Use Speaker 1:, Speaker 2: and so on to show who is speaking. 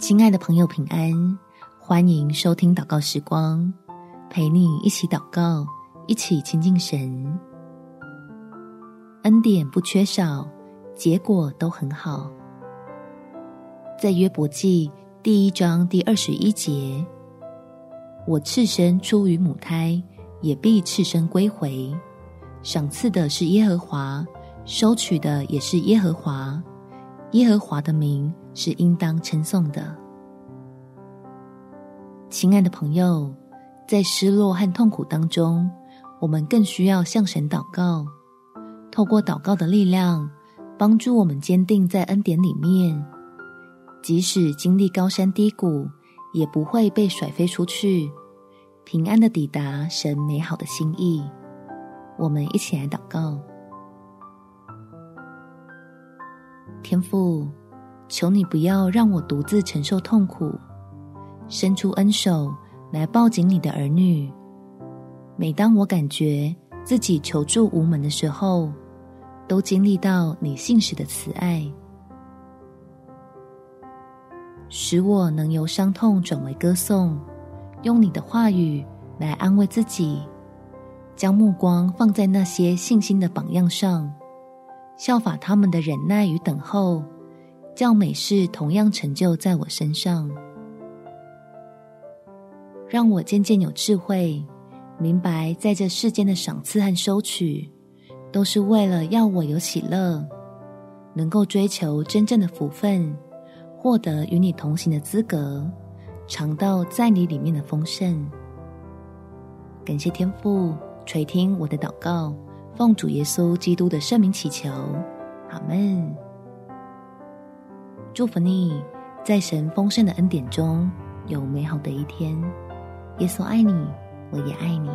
Speaker 1: 親愛的朋友，平安！歡迎收聽禱告時光，陪你一起禱告，一起親近神。恩典不缺少，結果都很好。在約伯記第一章第二十一節：“我赤身出於母胎，也必赤身歸回。賞賜的是耶和華，收取的也是耶和華。耶和華的名，”是應當稱頌的！親愛的朋友，在失落和痛苦當中，我們更需要向神禱告，透過禱告的力量，幫助我們堅定在恩典裡面，即使經歷高山低谷，也不會被甩飛出去，平安的抵達神美好的心意。我們一起來禱告。天父。求你不要讓我獨自承受痛苦，伸出恩手來抱緊你的兒女。每當我感覺自己求助無門的時候，都經歷到你信實的慈愛，使我能由傷痛轉為歌頌，用你的話語來安慰自己，將目光放在那些信心的榜樣上，效法他們的忍耐與等候。叫美事同樣成就在我身上，讓我漸漸有智慧，明白在這世間的賞賜和收取，都是為了要我有喜樂，能夠追求真正的福分，獲得與你同行的資格，嘗到在你裡面的豐盛。感謝天父垂聽我的禱告，奉主耶穌基督的聖名祈求，阿門。祝福你，在神豐盛的恩典中有美好的一天。耶穌愛你，我也愛你。